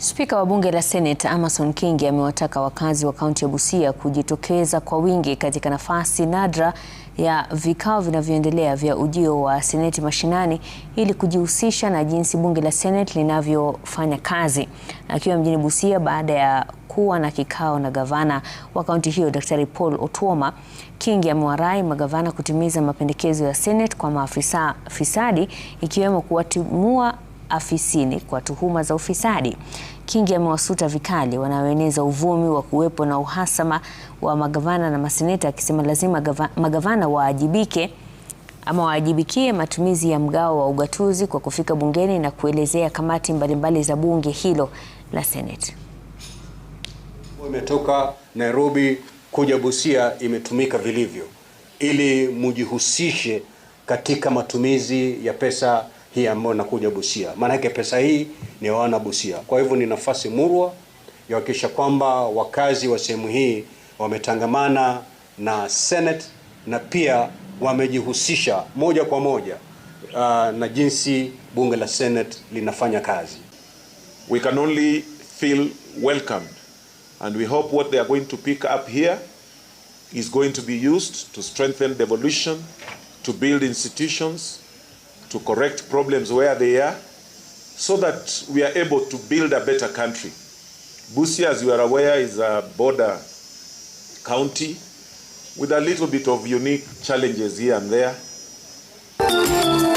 Spika wa bunge la Senate Amason Kingi amewataka wakazi wa kaunti ya Busia kujitokeza kwa wingi katika nafasi nadra ya vikao vinavyoendelea vya ujio wa Seneti mashinani ili kujihusisha na jinsi bunge la Senate linavyofanya kazi. Akiwa mjini Busia baada ya kuwa na kikao na gavana wa kaunti hiyo Daktari Paul Otuoma, Kingi amewarai magavana kutimiza mapendekezo ya Senate kwa maafisa fisadi ikiwemo kuwatimua afisini kwa tuhuma za ufisadi. Kingi amewasuta vikali wanaoeneza uvumi wa kuwepo na uhasama wa magavana na maseneta, akisema lazima gava, magavana waajibike ama waajibikie matumizi ya mgao wa ugatuzi kwa kufika bungeni na kuelezea kamati mbalimbali za bunge hilo la Seneti. Imetoka Nairobi kuja Busia imetumika vilivyo, ili mujihusishe katika matumizi ya pesa hii ambayo inakuja Busia, Maana yake pesa hii ni wana Busia. Kwa hivyo ni nafasi murwa ya kuhakikisha kwamba wakazi wa sehemu hii wametangamana na Senate na pia wamejihusisha moja kwa moja uh, na jinsi bunge la Senate linafanya kazi. We can only feel welcomed and we hope what they are going to pick up here is going to be used to strengthen devolution, to build institutions to correct problems where they are so that we are able to build a better country. Busia, as you are aware, is a border county with a little bit of unique challenges here and there.